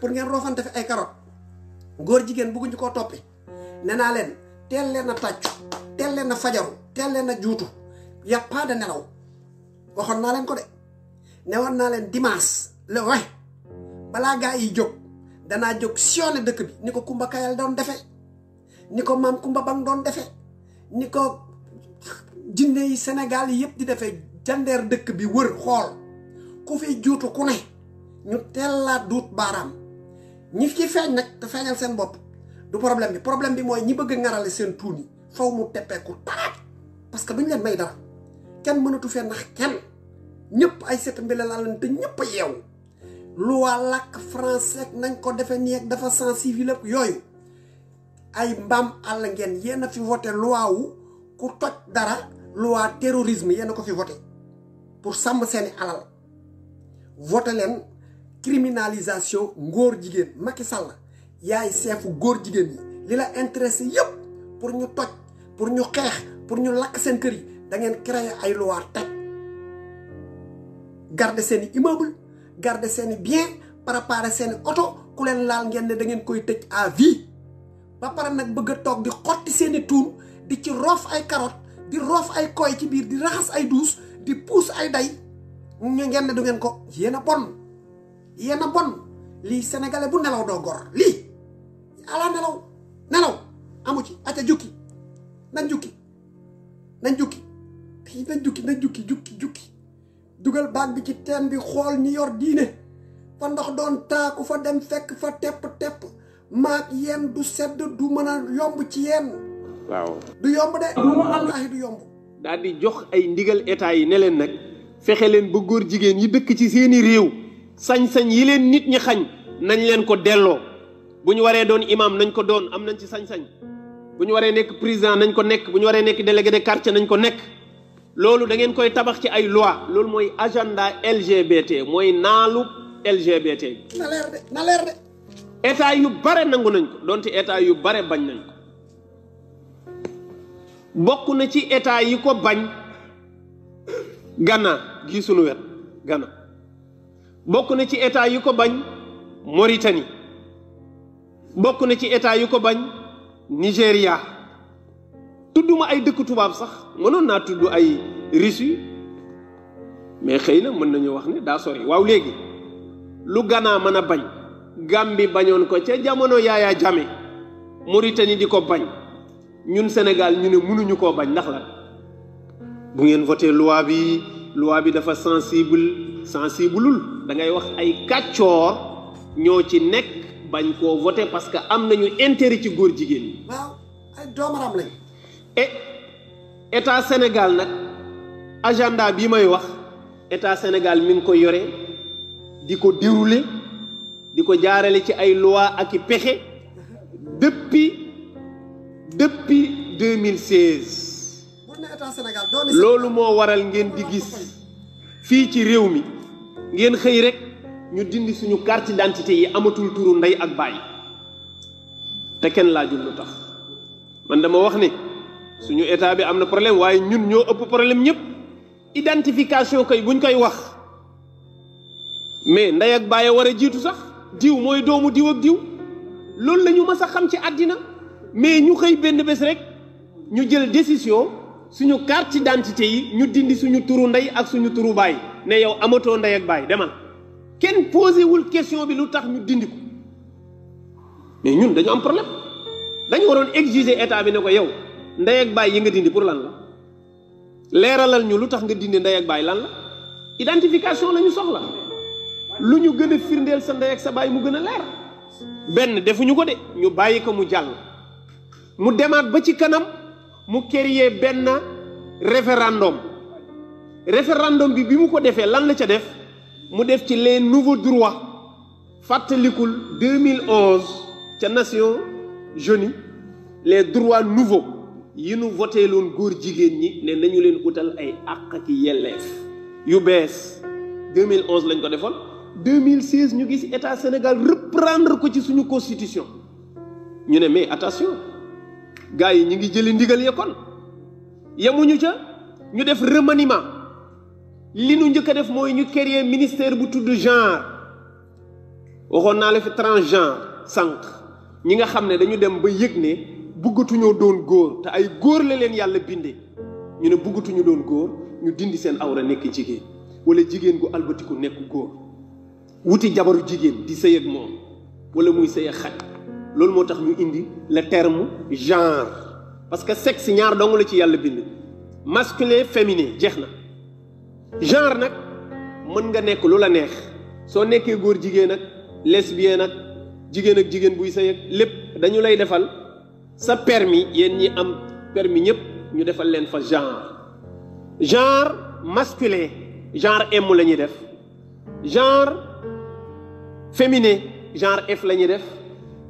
pour ngeen roofante fi ay carottes góor jigéen ñu koo toppi nee naa leen teel leen a tàccu teel leen a fajaru teel leen a juutu yàppaa nelaw waxoon naa leen ko de newoon naa leen dimanche le way balaa gaa yi jóg danaa jóg siyone dëkk bi ni ko Kumba Kayal doon defe ni ko maam Kumba Bang doon defe ni ko jinne yi Sénégal yi yëpp di defee jandeer dëkk bi wër xool ku fi juutu ku ne ñu tellaat duut baaraam ñi ci feeñ nak te feeñal seen bop du problème bi problème bi moy ñi bëgg ngarale seen tour yi faw mu tépé teppeeku tarat parce que duñ leen may dara kenn mënatu fee nak kèn ñëpp ay sét mbélé la lan te ñëpp yew loi lak français nañ ko défé ni ak dafa sans civil ak yoy ay mbam àll ngeen yéen fi voter loi wu ku toj dara loi terrorisme yéen ko fi voter pour sam seeni alal voter len criminalisation ngor jigen Macky Sall yaay seefu ngor jigen yi lila intéressé yépp pour ñu toj pour ñu xex pour ñu lak seen kër yi da ngeen créer ay loi garder seen immeuble garder seen bien préparer seen sen oto ku len laal ngeen ne da ngeen koy tëj à vie ba pare nak bëgg tok di xotti seen tour di ci rof ay carotte di rof ay koy ci bir di raxas ay douce di pousse ay day ñu ngeen ne du ngeen ko yena bonne yéen a bon lii sénégalais bu nelaw doo gor lii alaa nelaw nelaw amu ci aca jukki nañ jukki nañ jukki nañ jukki nañ jukki jukki dugal baag bi ci teen bi xool ñi yor diine fa ndox doon taaku fa dem fekk fa tepp-tepp maag yéen du sedd du mën a yomb ci yenn waaw du yomb de wallaahi daal di jox ay ndigal état yi ne leen nag fexe leen ba góor jigéen yi dëkk ci seeni réew sañ-sañ yi leen nit ñi xañ nañ leen ko delloo bu ñu waree doon imam nañ ko doon am nañ ci sañ-sañ bu ñu waree nekk président nañ ko nekk bu ñu waree nekk délégué de quartier nañ ko nekk loolu da ngeen koy tabax ci ay loi loolu mooy agenda LGBT mooy naalu LGBT bi na de na de état yu bare nangu nañ ko donte état yu bare bañ nañ ko bokk na ci état yi ko bañ Ghana gi sunu wet Ghana bokk na ci état yu ko bañ Mauritanie bokk na ci état yu ko bañ Nigéria tudduma ay dëkk tubaab sax mënoon naa tudd ay Russie mais xëy na mën nañu wax ne daa sori waaw léegi lu Ghana mën a bañ Gambie bañoon ko ca jamono Yaya Jammeh Mauritanie di ko bañ ñun Sénégal ñu ne mënuñu koo bañ ndax la bu ngeen voté loi bi loi bi dafa sensible sensibleul dangay wax ay kàccoor ñoo ci nekk bañ koo voté parce que am nañu intérêt ci góor jigéen ñi. waaw ay doomaram lañ. Eh, Sénégal nag agenda bi may wax état Sénégal mi ngi ko yore di ko dérouler di ko jaarale ci ay loi ak i pexe depuis depuis 2016. loolu moo waral ngeen di gis fii ci réew mi. ngeen xëy rek ñu dind suñu carte d'identité yi amatul turu ndey ak baay te kenn laajul lu tax man dama wax ni suñu état bi am na problème waaye ñun ñoo ëpp problème ñëpp identification kay buñ koy wax mais ndey ak baay war a jiitu sax diw mooy doomu diw ak diw loolu lañu ñu mës xam ci àddina mais ñu xëy benn bés rek ñu jël décision. suñu carte d'identité yi ñu dindi suñu turu ndey ak suñu turu baay ne yow amatoo ndey ak baay demal kenn posé wul question bi lu tax ñu dindi ko mais ñun dañu am problème dañu waroon exiger état bi ne ko yow ndey ak baay yi nga dindi pour lan la leeralal ñu lu tax nga dindi ndey ak baay lan la identification lañu ñu soxla lu ñu gën a firndeel sa ndey ak sa baay mu gën a leer benn defuñu ko de ñu bàyyi ko mu jàll mu demaat ba ci kanam. mu créer benn référendum référendum bi bi mu ko defee lan la ca def mu def ci les nouveaux droits fàttalikul 2011 ca nation Unies les droits nouveaux yi nu voté loon góor jigéen ñi ne nañu leen utal ay àq ak yelleef yu bees 2011 lañ ko defoon 2016 ñu gis état Sénégal reprendre ko ci suñu constitution ñu ne mais attention gars yi ñu ngi jëli ndigal ya kon yemuñu ca ñu def remaniement li nu njëkk a def mooy ñu créer ministère bu tudd genre waxoon naa la fi transgenre sànq ñi nga xam ne dañu dem ba yëg ne bëggatuñoo doon góor te ay góor la leen yàlla bindee ñu ne bëggatuñu doon góor ñu dindi seen awra nekk jigéen wala jigéen gu albatiku nekk góor wuti jabaru jigéen di sëy ak moom wala muy sëy ak xaj loolu moo ñu indi le terme genre parce que sexe ñaar dong la ci yàlla bind masculin féminin jeex genre nag mën nga nekk la neex soo nekkee góor jigéen lesbien jigéen ak jigéen buy dañu lay defal sa permis yéen ñi am permis ñëpp ñu defal fa genre genre masculin genre M la ñuy def genre féminin genre F la def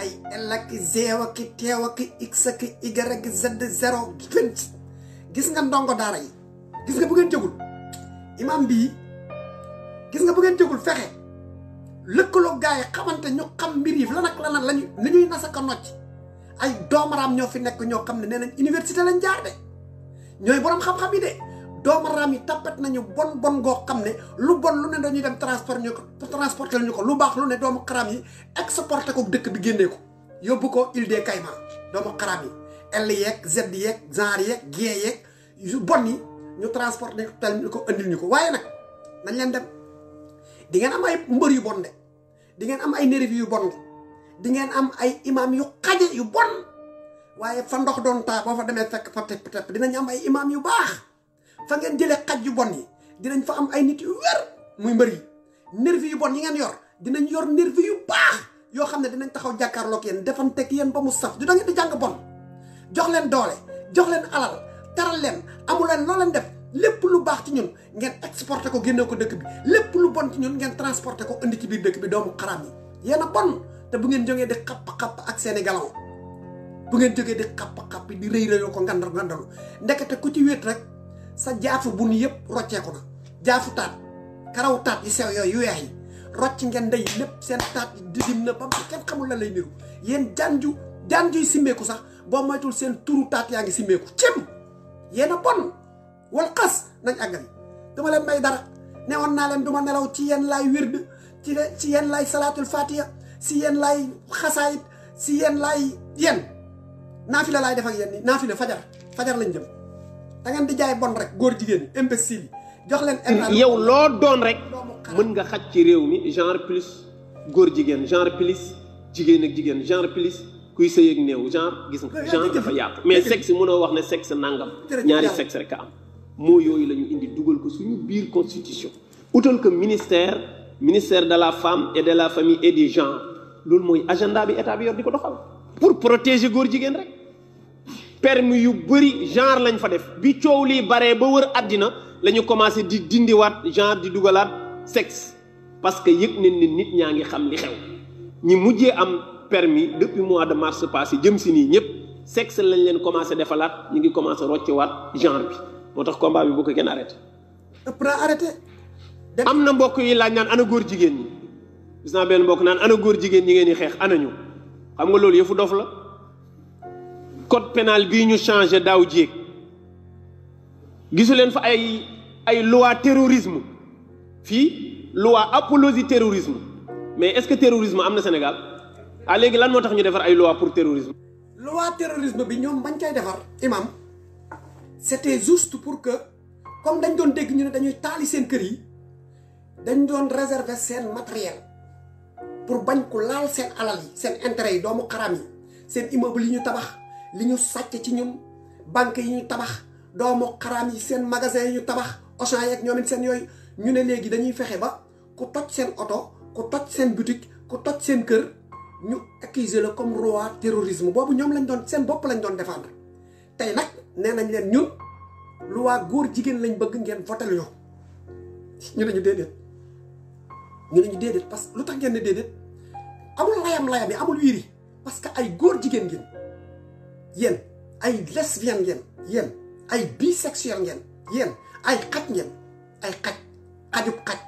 ay L ak Z ak teew ak X ak Y ak Z zéro gis nga ndongo daara yi gis nga bu ngeen jógul imam bii gis nga bu ngeen jógul fexe lëkkaloo gars yi xamante ñu xam mbir yi lan ak lan lañuy la ñuy nasaka nocc ay doomaraam ñoo fi nekk ñoo xam ne nee nañ université lañ jaar de ñooy boroom xam-xam yi de doom rami tapet nañu bon bon go xamne lu bon lu ne dañu dem transport ñu ko transporté ñu ko lu bax lu ne doom kram yi exporté ko dëkk bi génnee ko yobbu ko île des Caïmans doom kram yi L yek Z yek zar yek G yek yu bon yi ñu transporté ko tal ñu andil ñu ko nañ leen dem di ngeen am ay mbeur yu bon de di ngeen am ay nervi yu bon di ngeen am ay imam yu xaje yu bon waye fa ndox don ta bo fa demee fek fa tepp tepp dinañ am ay imam yu bax fa ngeen jëlee xaj yu bon yi dinañ fa am ay nit yu wér muy mbeuri nerve yu bon yi ngeen yor dinañ yor nerve yu baax yo xamne dinañ taxaw ken defam tek yeen ba mu saf du da di jang bon jox leen doole jox leen alal taral leen amu leen lo leen def lepp lu baax ci ñun ngeen exporté ko gënne ko dëkk bi lepp lu bon ci ñun ngeen transporté ko indi ci biir dëkk bi doomu xaram yi yéen bon te bu ngeen jógee di xap xap ak sénégalaw bu ngeen jógee di xap xap di reey reey ko ngandar ngandalu ndekete ku ci rek sa jaafu bu nu yëpp rocceeku na jaafu taat karaw taat yi sew yooyu yu weex yi rocc ngeen day lépp seen taat di didim na ba mu kenn xamul la lay niru yéen janju janjuy simmeeku sax boo moytul seen turu taat yaa ngi simmeeku cim yéen a bon wal xas nañ àggal dama leen may dara newoon naa leen du ma nelaw ci yenn laay wird ci ci yéen laay salaatul fatiha si yéen laay xasaayit si yéen laay yéen naafila laay def ak yéen naafila fajar fajar lañ jëm da ngeen di jaay bon rek góor jigéen yi imbécile yi jox leen. yow loo doon rek mën nga xaj ci réew mi genre plus góor jigéen genre plus jigéen ak jigéen genre plus kuy sëy ak néew genre gis nga genre dafa yaatu. mais sexe mënoo wax ne sexe nangam. ñaari sexe rek a am. moo yooyu la ñu indi dugal ko suñu biir constitution. utal que ministère ministère de la femme et de la famille et du genre loolu mooy agenda bi état bi yor di ko doxal. pour protéger góor jigéen rek. permis yu bëri genre lañ fa def bi coow lii baree ba wër àddina lañu ñu commencé di dindiwaat genre di dugalaat sexe parce que yëg nañ ne nit ñaa ngi xam li xew ñi mujjee am permis depuis mois de mars passé jëm si nii ñëpp sexe lañ leen commencé defalaat ñu ngi commencé roccewaat genre bi moo tax combat bi bu ko kenn arrêté. arrêté. am na mbokk yi laaj naan ana góor jigéen ñi gis naa benn mbokk naan ana góor jigéen ñi ngeen di xeex ana xam nga loolu yëfu dof la. code pénal bi ñu changé daw jéeg gisu leen fa ay ay loi terrorisme fii loi apologie terrorisme mais est-ce que terrorisme am na Sénégal ah léegi lan moo tax ñu defar ay loi pour terrorisme. loi terrorisme bi ñoom bañ koy defar imam c'était juste pour que comme dañ doon dégg ñu ne dañuy taali seen kër yi dañ doon réserver seen matériel pour bañ ko laal seen alal yi seen intérêt yi doomu xaram yi seen immeuble yi ñu tabax. li ñu sàcc ci ñun banque yi ñu tabax doomu xaraam yi seen magasin yi ñu tabax Auchan yeeg ñoom it seen yooyu ñu ne léegi dañuy fexe ba ku toj seen oto ku toj seen boutique ku toj seen kër ñu accuser la comme roi terrorisme boobu ñoom lañ doon seen bopp lañ doon défendre tey nag nee nañ leen ñun loi góor jigéen lañ bëgg ngeen voté yoo ñu ne ñu déedéet ñu ne ñu déedéet parce que lu tax ngeen ne déedéet amul layam layam yi amul wiiri parce que ay góor jigéen ngeen yen ay lesbian ngeen yen ay bisexuel ngeen yéen ay xaj ngeen ay xaj xajub kat,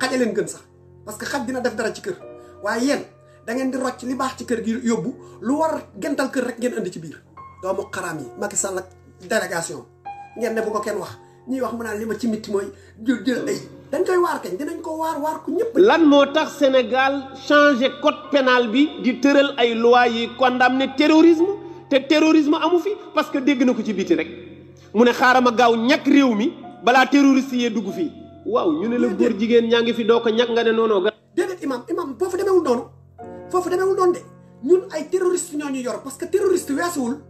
xaja leen gën sax parce que xaj dina def dara ci kër waye yéen da ngeen di rocc li bax ci kër gi yobbu lu war gental kër rek ngeen andi ci biir doomu kharam yi Macky Sall ak délégation ngeen ne bu ko kenn wax ñi wax mu naan li ci mitti moy jël jël ay dañ koy war kañ dinañ ko war war ku ñëpp lan mo tax Sénégal changer code pénal bi di teurel ay loi yi condamner terrorisme te terrorisme amu fi parce que dégg na ko ci biti rek mu ne xaaral ma gaaw ñàkk réew mi balaa terroriste yee dugg fii waaw ñu ne la góor jigéen ñaa ngi fi doo ko ñàkk nga ne noonoo ga déedéet imam imam foofu demeewul noonu foofu demeewul noonu de ñun ay terroriste ñoo ñu yor parce que terroriste weesuwul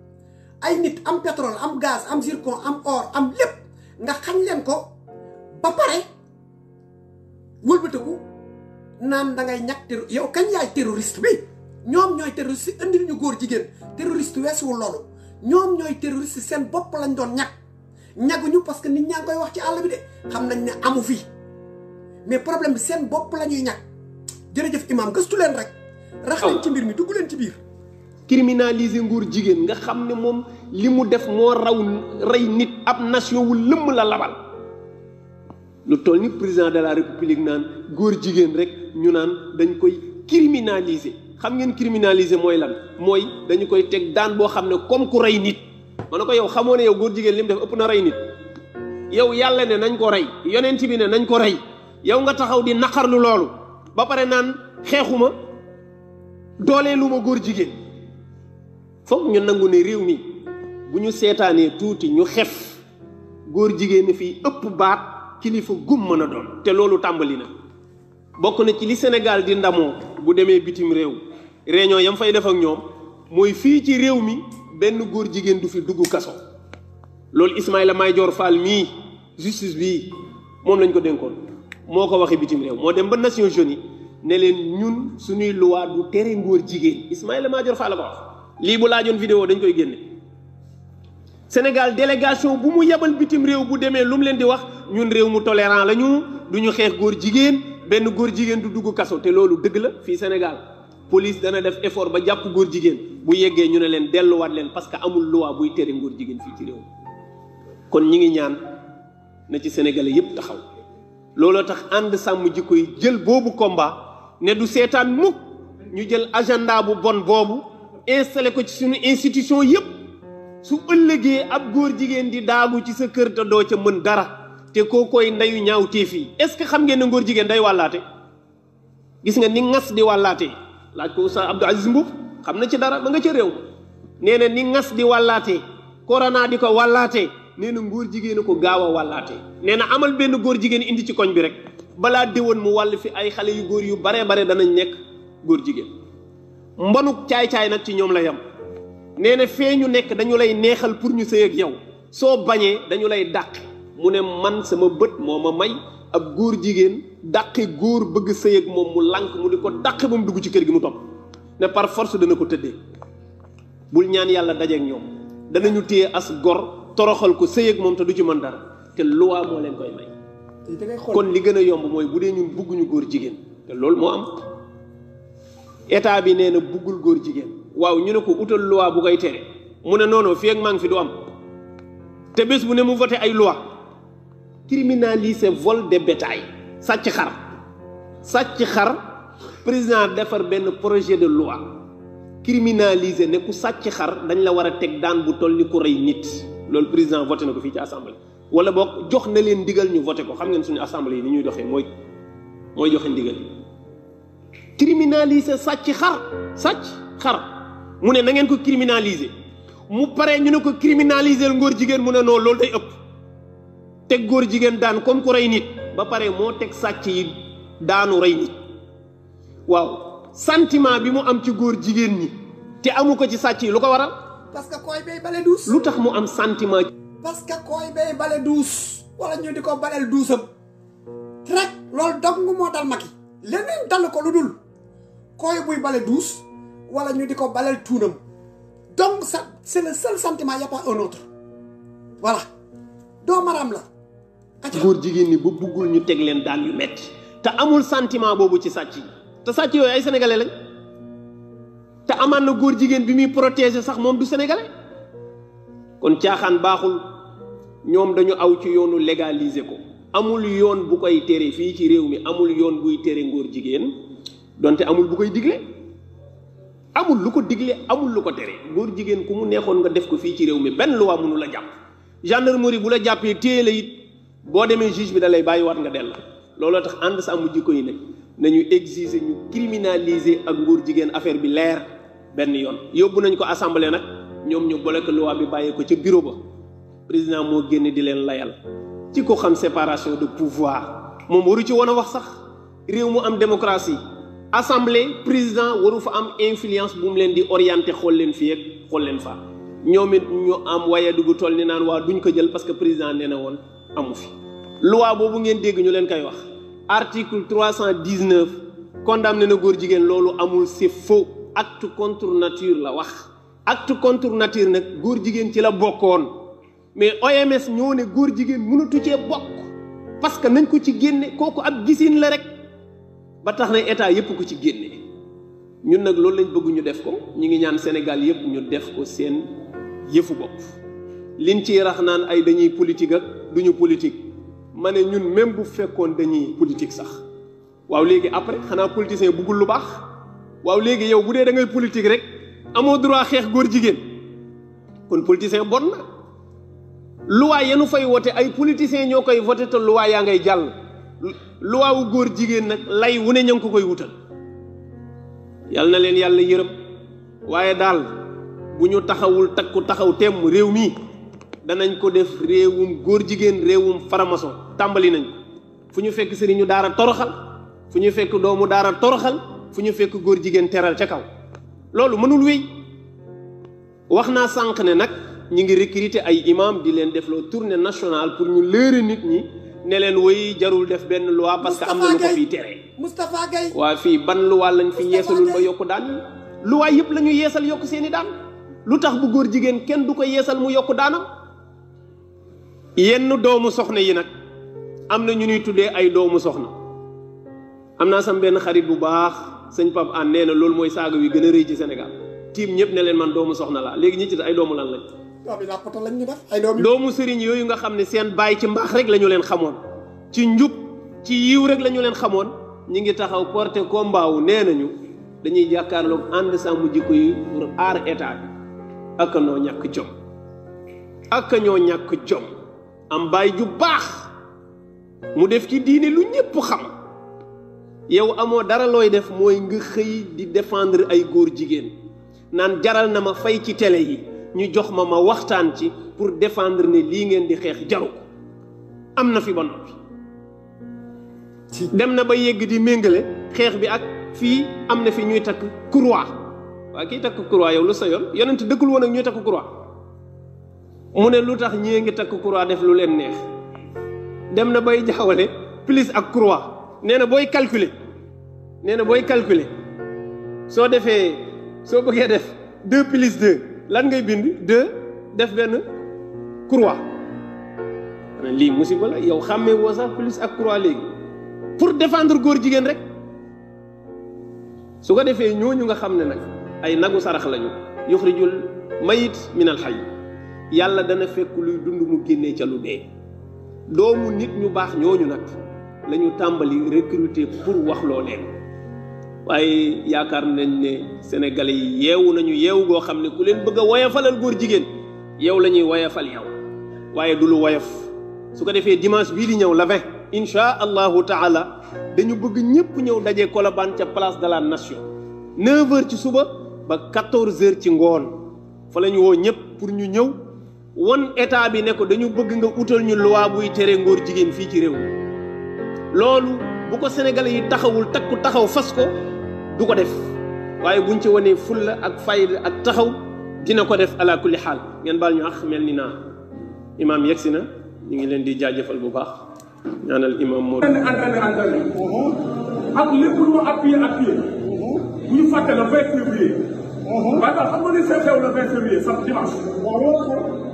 ay nit am pétrole am gaz am zircon am or am lépp nga xañ leen ko ba pare wëlbatiku naan da ngay ñàkk yow kañ yaay terroriste bi ñoom ñooy terroriste si indil ñu góor jigéen terroriste weesuwul loolu ñoom ñooy terroriste seen bopp lañ doon ñag ñaguñu parce que nit ñaa koy wax ci àll bi de xam nañ ne amu fii mais problème bi seen bopp la ñuy ñag jërëjëf imaam gëstu leen rek rax leen ci mbir mi dugg leen ci biir criminaliser nguur jigéen nga xam ne moom li mu def moo raw rey nit ab nation wu lëmm la labal lu toll ni président de la république naan góor jigéen rek ñu naan dañ koy criminaliser xam ngeen criminaliser mooy lan mooy dañu koy teg daan boo xam ne comme ku rey nit ma ne ko yow xamoo ne yow góor jigéen li mu def ëpp na rey nit yow yàlla ne nañ ko rey yonent bi ne nañ ko rey yow nga taxaw di naqarlu loolu ba pare naan xeexuma dooleelu ma góor jigéen foog ñu nangu ne réew mi bu ñu seetaanee tuuti ñu xef góor jigéen fii ëpp baat kilifa gum mën a doon te loolu tàmbali na bokk na ci li Sénégal di ndamoo bu demee bitim réew réunion yam fay def ak ñoom mooy fii ci réew mi benn góor jigéen du fi dugg kaso loolu Ismaïla Madior Fall mii justice bi moom lañ ko dénkoon moo ko waxee bitim réew moo dem ba Nations Unies ne leen ñun suñuy loi du tere ngóor jigéen Ismaïla Madior Fall la ko wax lii bu laajoon vidéo dañ koy génne Sénégal délégation bu mu yebal bitim réew bu demee lu mu leen di wax ñun réew mu tolérant la ñu du ñu xeex góor jigéen benn góor jigéen du dugg kaso te loolu dëgg la fii Sénégal police dana def effort ba jàpp góor jigéen bu yeggee ñu ne leen delluwaat leen parce que amul loi buy tere góor jigéen fii ci réew kon ñi ngi ñaan na ci sénégalais yépp taxaw looloo tax ànd sàmm jikko yi jël boobu komba ne du seetaan mukk ñu jël agenda bu bon boobu installé ko ci suñu institution yépp su ëllëgee ab góor jigéen di daagu ci sa kër te doo ca mën dara te koo koy ndeyu ñaaw téef yi est-ce que xam ngeen ne góor jigéen day wàllaate gis nga ni ngas di wàllaate laaj ko Oustaz Abdou Aziz Mbuub xam na ci dara ba nga ca réew nee na ni ngas di wàllaatee koronaa di ko wàllaatee nee na ngóor jigéen a ko gaaw a wàllaatee nee na amal benn góor jigéen indi ci koñ bi rek balaa déwoon mu wàll fi ay xale yu góor yu baree bare danañ nekk góor jigéen mbonuk caay-caay nag ci ñoom la yam nee na fee ñu nekk dañu lay neexal pour ñu sëy ak yow soo bañee dañu lay dàq mu ne man sama bët moo ma may ab góor jigéen dàqi góor bëgg sëy ak moom mu lànk mu di ko dàq ba mu dugg ci kër gi mu topp ne par force dana ko tëddee bul ñaan yàlla dajeeg ñoom ñu téye as gor toroxal ko sëy ak moom te du ci man dara te luwaa moo leen koy may kon li gën a yomb mooy bu dee ñun bugguñu góor jigéen te loolu moo am état bi nee na buggul góor jigéen waaw ñu ne ko utal loi bu koy tere mu ne noonu fi ak maa ngi fi du am te bés bu ne mu voté ay loi criminaliser vol de bétail sàcc xar sàcc xar président defar benn projet de loi criminaliser ne ku sàcc xar dañ la war a teg daan bu toll ni ku rey nit loolu président voté na ko fii ci assemblée wala boog jox na leen ndigal ñu voté ko xam ngeen suñu assemblée yi ni ñuy doxee mooy mooy joxe ndigal criminaliser sàcc xar sàcc xar mu ne na ngeen ko criminaliser mu pare ñu ne ko criminaliser góor jigéen mu ne noonu loolu day ëpp teg góor jigéen daan comme ku rey nit ba pare moo teg sàcc yi daanu rey nit waaw santiment bi mu am ci góor jigéen ñi te amu ko ci sàcc yi lu ko waral. parce que koy bay bale duus. lu tax mu am sentiment. parce que koy bay bale duus. wala ñu di ko baleel duusam. rek dong moo dal Macky leneen dal ko lu dul koy buy bale duus ñu di ko baleel tuunam donc ça le seul sentiment y a autre voilà doo maram la. góor jigéen ñi bu buggul ñu teg leen daan yu metti te amul santiment boobu ci sàcc yi te sàcc yooyu ay sénégalais lañ te amaan na góor jigéen bi muy protéger sax moom du sénégalais kon caaxaan baaxul ñoom dañu aw ci yoonu légalisé ko amul yoon bu koy tere fii ci réew mi amul yoon buy tere ngóor jigéen donte amul bu koy digle amul lu ko digle amul lu ko tere góor jigéen ku mu neexoon nga def ko fii ci réew mi benn loi mënu la jàpp gendarmerie bu la jàppee téye it boo demee juge bi da lay bàyyi waat nga dellu looloo tax ànd sàmm jikko yi ne nañu exiger ñu criminaliser ak nguur jigéen affaire bi leer benn yoon yóbbu nañ ko assemblée nag ñoom ñu bloqué loi bi bàyyi ko ca bureau ba président moo génne di leen layal ci ko xam séparation de pouvoir moom waru ci woon a wax sax réew mu am démocratie assemblée président waru fa am influence bu mu leen di orienter xool leen fii ak xool leen fa ñoom it ñu am waye dugg toll ni naan waa duñ ko jël parce que président nee na woon amu fi loi boobu ngeen dégg ñu leen koy wax article trois cent dix neuf condamné na góor jigéen loolu amul c'est faux acte contre nature la wax acte contre nature nag góor jigéen ci la bokkoon mais OMS ñoo ne góor jigéen mënatu cee bokk parce que nañ ko ci génne kooku ab gisin la rek ba tax na état yépp ko ci génne ñun nag loolu lañ bëgg ñu def ko ñu ngi ñaan Sénégal yépp ñu def ko seen yëfu bopp liñ ciy rax naan ay dañuy politique ak duñu ñu politique ma ne ñun même bu fekkoon dañuy politique sax waaw léegi après xanaa politicien buggul lu baax waaw léegi yow bu dee da ngay politique rek amoo droit xeex góor jigéen kon politicien bon na luwaa yenu fay wote ay politiciens ñoo koy voté te luwaa yaa ngay jàll lu wu góor jigéen nag lay wu ne ña ngi ko koy wutal yal na leen yàlla yërëm waaye daal bu ñu taxawul takku taxaw temm réew mi danañ ko def réewum góor jigéen réewum faramason tàmbali nañ fu ñu fekk sëriñu daara toroxal fu ñu fekk doomu daara toroxal fu ñu fekk góor jigéen teral ca kaw loolu mënul wéy wax naa sànq ne nag ñi ngi recruter ay imam di leen defloo loo tournée nationale pour ñu léere nit ñi ne leen woy jarul def benn loi parce que am na lu ko fiy tere Moustapha Gueye fii ban loi lañ fi yeesalul ba yokku daan loi yëpp la ñu yeesal yokk seeni daan lu tax bu góor jigéen kenn du ko yeesal mu yokku daanam yenn doomu soxna yi nag am na ñu ñuy tuddee ay doomu soxna am naa sam benn xarit bu baax sëñ Pape Hann nee na loolu mooy saaga wi gën a rëy ci Sénégal tiim ñëpp ne leen man doomu soxna laa léegi ñi ci ay doomu lan lañ. lañ ñu def ay doomu. doomu sëriñ yooyu nga xam ne seen la ñu leen xamoon ci njub ci yiw rek la leen xamoon ñi ngi taxaw porté combat wu nee nañu dañuy jàkkaarloog ànd sàmm jikko yi pour aar état bi ak ñoo ñàkk jom ak ñoo ñàkk jom. am baay ju baax mu def ci diine lu ñépp xam yow amoo dara looy def mooy nga xëy di defendre ay góor jigéen naan jaral na ma fay ci télé yi ñu jox ma ma waxtaan ci pour defendre ne lii ngeen di xeex jaru ko am na fi ba noppi dem na ba yegg di méngale xeex bi ak fii am na fi ñuy takk croix waa kiy takk croix yow lu sa yoon yonent dëkkul woon ak ñuy takk croix mu ne lu tax ñée ngi takk croix def lu leen neex dem na bay jaawale plus ak croix nee na booy calculer nee na booy calculer soo defee soo bëggee def deux plus deux lan ngay bind deux def benn croix lii musiba la yow xàmmee woo sax plus ak croix léegi pour défendre góor jigéen rek su ko defee ñooñu nga xam ne nag ay nagu sarax lañu yuxrijul mayit min al xay yàlla dana fekk luy dund mu génnee ca lu dee doomu nit ñu baax ñooñu nag la tàmbali recruter pour wax loo leen waaye yaakaar nañ ne sénégalais yi yeewu nañu yeewu goo xam ne ku leen bëgg a woyafalal góor jigéen yow la ñuy woyafal yow waaye du lu woyof su ko defee dimanche bii di ñëw la vingt inchaa allahu taala dañu bëgg ñëpp ñëw daje Colobane ca place de la nation 9 ci suba ba 14 ci ngoon fa la woo ñëpp pour ñu ñëw won état bi ne ko dañu bëgg nga utal ñu loi buy tere ngóor jigéen fii ci réew mi loolu bu ko sénégalais yi taxawul takku taxaw fas ko du ko def waaye buñ ci wanee fulla ak fayda ak taxaw dina ko def ala ñu ax mel ni naa imaam yegsi na ñu ngi leen di jaajëfal bu baax ñaanal imaam moo leen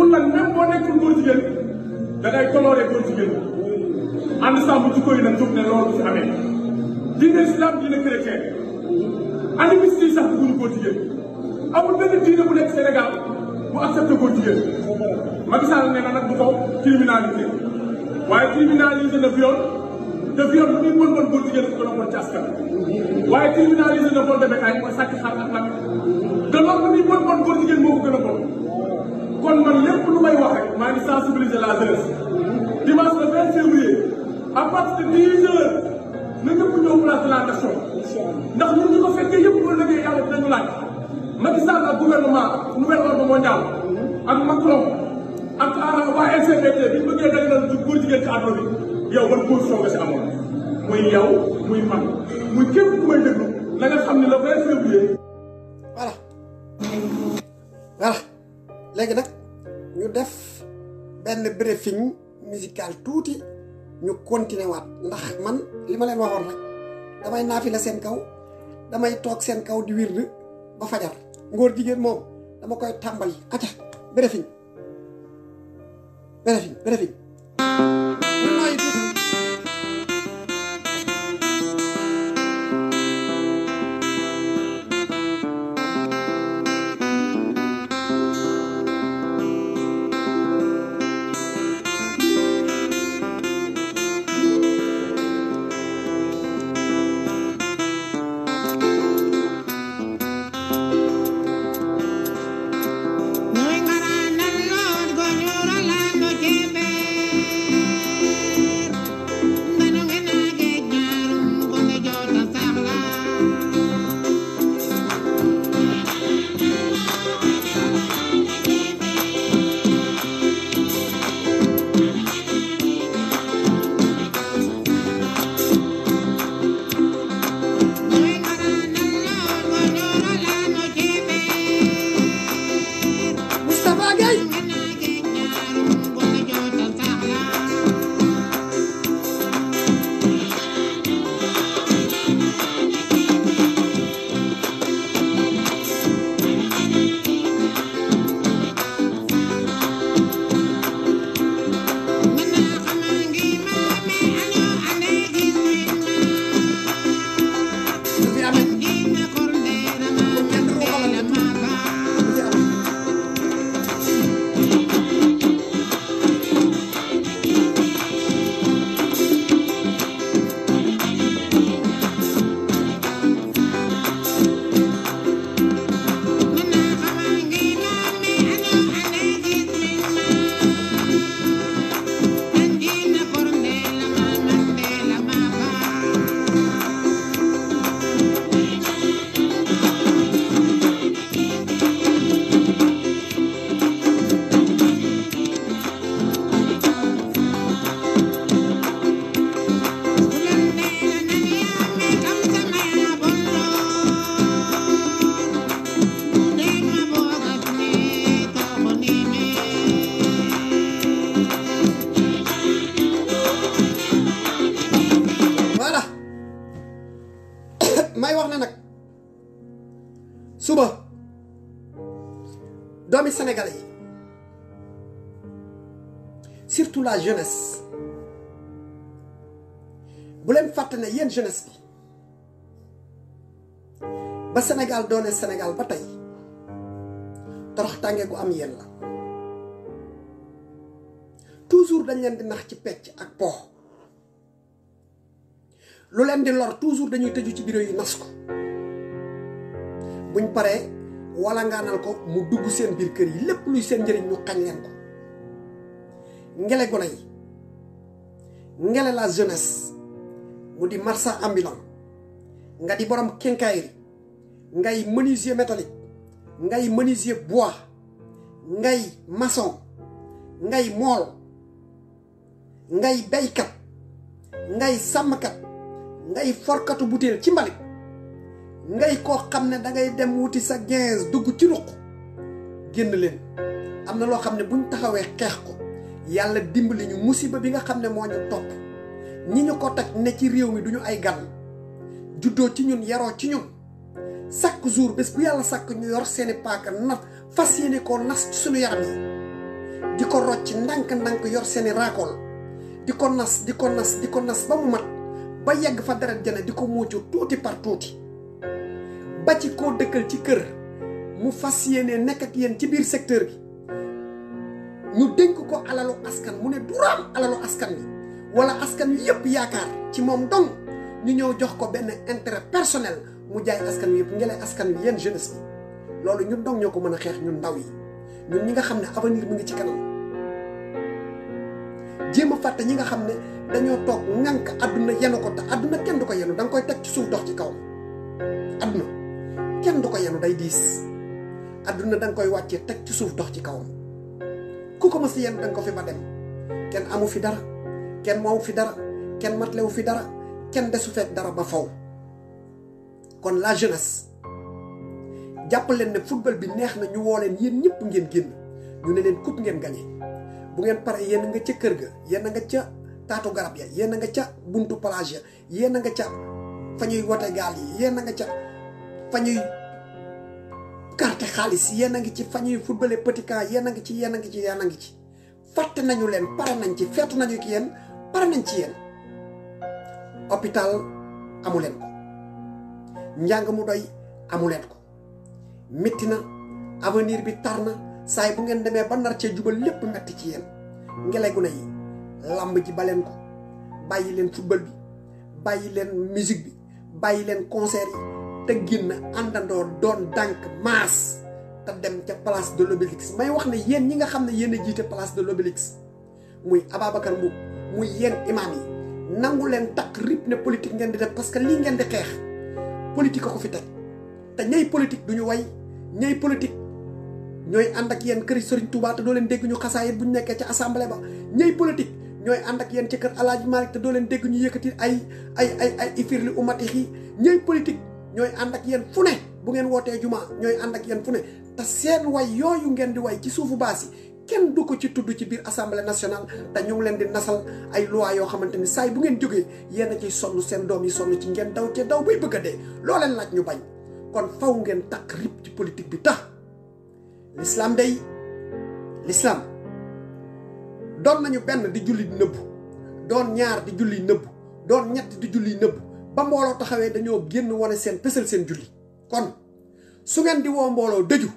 pour lan même boo nekkul góor jigéen da ngay coloré góor jigéen ànd sàmm jóg ne loolu ci amee diine islam diine chrétien animiste yi sax bëgguñu góor jigéen amul benn diine bu nekk Sénégal bu accepté góor jigéen Macky Sall nee na nag bu ko criminalisé waaye criminalisé na viol te viol lu muy mën mën góor jigéen su ko doon ci askan waaye criminalisé na vol de bétail mooy sàcc xar ak nag te loolu lu muy mën mën góor jigéen moo ko gën a kon man lépp lu may wax rek maa ngi sensibiliser la jeunesse dimanche le 20 février à partir de 10 heures na ñëpp ñëw place de la nation. ndax ñun ñu ko fekkee yëpp bu liggéey yàlla dinañu laaj. Macky Sall ak gouvernement ak nouvel ordre mondial ak Macron ak ah, waa LGBT bi ñu bëggee daganal góor jigéen ci àdduna bi yow ban position nga si amoon muy yow muy man muy képp ku may déglu la nga xam ne le 20 février. briefing musical tuuti ñu continuer waat ndax man li ma leen waxoon rek damay naafi la seen kaw damay toog seen kaw di wird ba fajar ngóor jigéen moom dama koy tàmbali aca briefing briefing briefing surtout la jeunesse bu leen fàtte ne yéen jeunesse bi ba Sénégal doone Sénégal ba tey torox tàngee am yéen la toujours dañ leen di nax ci pecc ak po lu leen di lor dañuy tëju ci bureau yi nas ko buñ paree wala ngaanal ko mu dugg seen biir kër yi lépp luy seen njëriñ ñu xañ leen ko ngele gone yi ngele la jeunesse mu di marchand ambulant nga di borom quincaillerie ngay menuisier métallique ngay menuisier bois ngay maçon ngay mool ngay béykat ngay sàmmkat ngay forkatu butéel ci mbalit ngay koo xam ne da ngay dem wuti sa 15 dugg ci ruq génn leen am na loo xam ne buñ taxawee xeex ko yàlla dimbali ñu musiba bi nga xam ne moo ñu topp ñi ñu ko toj ne ci réew mi duñu ay gan juddoo ci ñun yaroo ci ñun chaque jour bés bu yàlla sàkk ñu yor seeni paaka nat fas yéene koo nas suñu yaram yi di ko rocc ndànk-ndànk yor seeni raakool di ko nas di ko nas di ko nas ba mu mat ba yegg fa deret jane di ko muucu tuuti par tuuti ba ci koo dëkkal ci kër mu fas yéene nekk ak yéen ci biir secteur bi ñu denk ko alalu askan mu ne duraam alalu askan wi wala askan wi yépp yaakar ci mom dong ñu ñëw jox ko ben intérêt personnel mu jaay askan wi yépp askan wi yeen jeunesse bi loolu ñun dong ñoko mëna xex ñun ndaw yi ñun ñi nga xamné ngangka avenir mu ngi ci kanam jëm a Dangkoi ñi nga xamné dañoo tok ngank aduna yenu ko ta aduna kenn duko yenu koy tek ci suuf dox ci kaw aduna kenn duko day dis aduna dang koy wacce tek ci suuf dox ci kawam ku ko mës yéen dang ko fi ba dem ken amu fi dara ken mo fi dara ken matlew fi dara ken desu fek dara ba faw kon la jeunesse jàpp len ne football bi neex na ñu wolen yeen ñepp ngeen genn ñu ne len coupe ngeen gagné bu ngeen paré yeen nga ci kër ga yeen nga ci taatu garab ya yeen nga ci buntu plage ya yeen nga ci fañuy wote yi yeen nga ci fañuy carte xaalis yéen iya ngi ci fagnuy footballé ya, petit camp yéen iya ngi ci yéen iya ngi ci yéen ngi ci fàtte nañu len pare nañ ci feetu nañu ki yéen pare nañ ci yéen hôpital amu ko njang mu doy amu ko mitina avenir bi tarna say bu ngeen ba nar jubal metti ci ngelay guna yi lamb ji balen ko bayi len football bi bayi len musique bi bayi len concert te génn àndandoo don dank mas te dem ci place de l'Obélisque may wax ne yeen ñi nga xamne yeen jité a place de l'Obélisque muy ababakar mu muy yeen imam yi nangu leen takk rib ne politique ngeen di def parce que li ngeen di xex politique ko fi tek te ñay politique duñu way ñay politique ñoy and ak yeen këri Serigne Touba te do len deg ñu xassaye buñu ñu ci assemblée ba ñay politique ñoy and ak yeen ci kër Alaaji malik te do len deg ñu yëkëti ay ay ay ay ifirli umat yi ñay politique ñooy ànd ak yéen fu ne bu ngeen wootee juma ñooy ànd ak yéen fu ne te seen way yooyu ngeen di way ci suufu baas yi kenn du ko ci tudd ci biir assemblée nationale te ñu ngi leen di nasal ay loi yoo xamante ni saa bu ngeen jógee yéen a ciy sonn seen doom yi sonn ci ngeen daw ci daw buy bëgg a dee leen laaj ñu bañ kon faw ngeen takk rib ci politique bi tax l'islam day l'islam doon nañu benn di julli nëbb doon ñaar di julli nëbb doon ñett di julli nëbb ba mbolo taxawé dañu genn wane sen tësal sen julli kon su ngeen di wo mbolo deju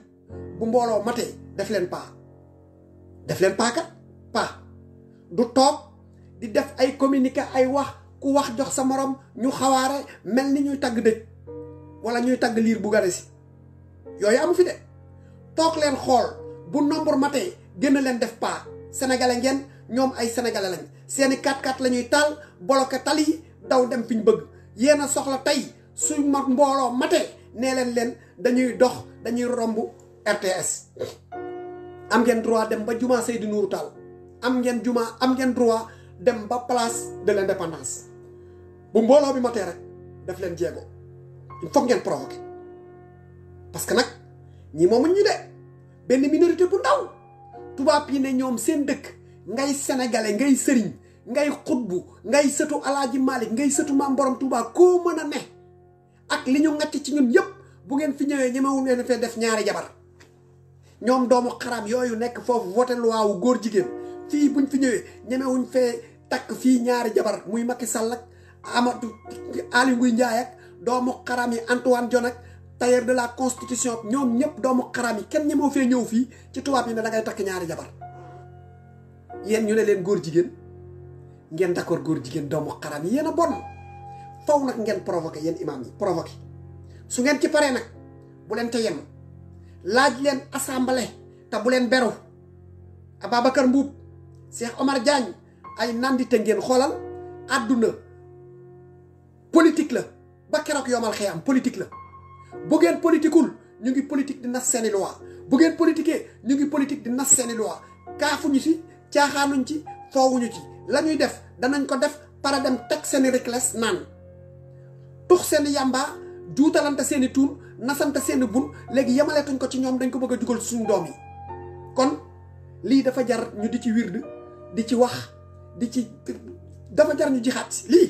bu mbolo maté def len pa def len pa kat pa du tok di def ay communiquer ay wax ku wax jox sa morom ñu mel ni ñuy tag dëj wala ñuy tag lire bu garé ci yoy amu fi dé tok len xol bu nombre maté genn len def pa, sénégalais ngeen ñom ay sénégalais lañ seeni kat x 4 la ñuy taal tali daw dem fiñ bëgg Yena soxla tay su mak mbolo maté né leen leen dañuy dox dañuy rombu RTS am ngeen droit dem ba juma Seydou Nourou Tall am ngeen juma am ngeen droit dem ba place de l'indépendance bu mbolo bi maté rek daf leen djégo il faut ngeen provoquer parce que nak ñi momu ñu dé minorité bu ndaw tuba pi né ñom seen dëkk ngay sénégalais ngay sëriñ ngay khutbu ngay setu alaji malik ngay setu mam borom Touba ko meuna ne ak liñu ngati ci ñun yépp bu ngeen fi ñëwee ñemewul ngeen fee def ñaari jabar ñom doomu xaram yoyu nek fofu voté loi wu góor jigen fii buñ fi ñëwee ñemewuñ fee tak fi ñaari jabar muy Macky Sall ak Amadou Ali Nguy Ndiaye ak doomu xaram yi Antoine ak tailleur de la constitution ñom ñëpp doomu xaram yi kenn ñemewu fee ñëw fi ci tubaab yi ne da ngay tak ñaari jabar yéen ñu ne leen jigen ngeen d'accord góor jigéen doomu xaram yi yéen a bon faw nag ngeen provoqué yéen imam yi provoqué su ngeen ci paree nag bu leen laaj leen assemblée te bu leen beru Ababacar Mbuub Cheikh Omar Diagne ay nandite ngeen xoolal àdduna politique la ba keroog yomal xëyam politique la bu ngeen politiqueul ñu ngi politique di nas seeni loi bu ngeen politiquee ñu ngi politique di nas seeni loi kaafuñu ci caaxaanuñ ci foowuñu ci la def danañ ko def para dem teg seeni ricles naan tux seeni yàmba juutalante seeni tuun nasante seeni bun léegi yemaleetuñ ko ci ñoom dañ ko bëgg a dugal suñu doom yi kon lii dafa jar ñu di ci wird di ci wax di ci dafa jar ñu jixaat lii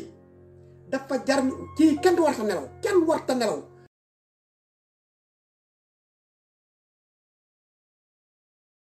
dafa jar ñu kii kenn warta nelaw kenn warta nelaw